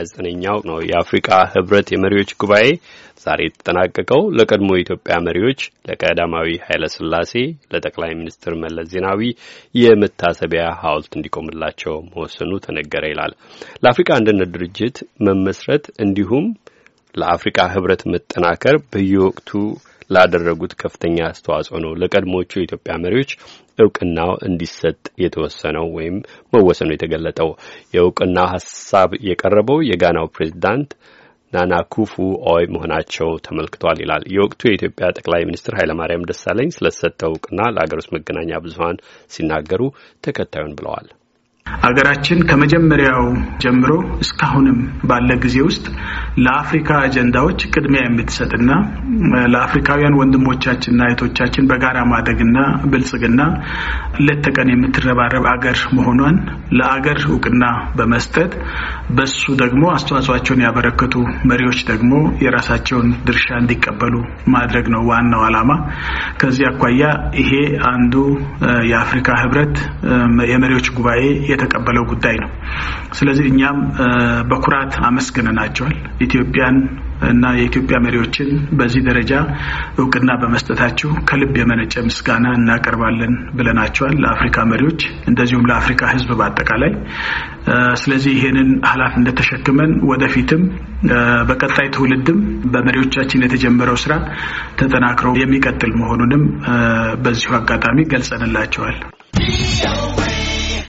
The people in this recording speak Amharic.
29ኛው ነው የአፍሪካ ህብረት የመሪዎች ጉባኤ ዛሬ የተጠናቀቀው ለቀድሞ የኢትዮጵያ መሪዎች ለቀዳማዊ ኃይለ ስላሴ ለጠቅላይ ሚኒስትር መለስ ዜናዊ የመታሰቢያ ሐውልት እንዲቆምላቸው መወሰኑ ተነገረ ይላል። ለአፍሪካ አንድነት ድርጅት መመስረት እንዲሁም ለአፍሪካ ህብረት መጠናከር በየወቅቱ ላደረጉት ከፍተኛ አስተዋጽኦ ነው ለቀድሞቹ የኢትዮጵያ መሪዎች እውቅናው እንዲሰጥ የተወሰነው ወይም መወሰኑ የተገለጠው። የእውቅና ሀሳብ የቀረበው የጋናው ፕሬዚዳንት ናና ኩፉ ኦይ መሆናቸው ተመልክቷል ይላል። የወቅቱ የኢትዮጵያ ጠቅላይ ሚኒስትር ኃይለማርያም ደሳለኝ ስለተሰጠው እውቅና ለአገር ውስጥ መገናኛ ብዙኃን ሲናገሩ ተከታዩን ብለዋል። አገራችን ከመጀመሪያው ጀምሮ እስካሁንም ባለ ጊዜ ውስጥ ለአፍሪካ አጀንዳዎች ቅድሚያ የምትሰጥና ለአፍሪካውያን ወንድሞቻችንና እህቶቻችን በጋራ ማደግና ብልጽግና ሌት ተቀን የምትረባረብ አገር መሆኗን ለአገር እውቅና በመስጠት በሱ ደግሞ አስተዋጽኦቸውን ያበረከቱ መሪዎች ደግሞ የራሳቸውን ድርሻ እንዲቀበሉ ማድረግ ነው ዋናው ዓላማ። ከዚህ አኳያ ይሄ አንዱ የአፍሪካ ህብረት የመሪዎች ጉባኤ የተቀበለው ጉዳይ ነው። ስለዚህ እኛም በኩራት አመስግነናቸዋል ኢትዮጵያን እና የኢትዮጵያ መሪዎችን በዚህ ደረጃ እውቅና በመስጠታችሁ ከልብ የመነጨ ምስጋና እናቀርባለን ብለናቸዋል ለአፍሪካ መሪዎች እንደዚሁም ለአፍሪካ ሕዝብ በአጠቃላይ። ስለዚህ ይህንን ኃላፊነት ተሸክመን ወደፊትም በቀጣይ ትውልድም በመሪዎቻችን የተጀመረው ስራ ተጠናክሮ የሚቀጥል መሆኑንም በዚሁ አጋጣሚ ገልጸንላቸዋል።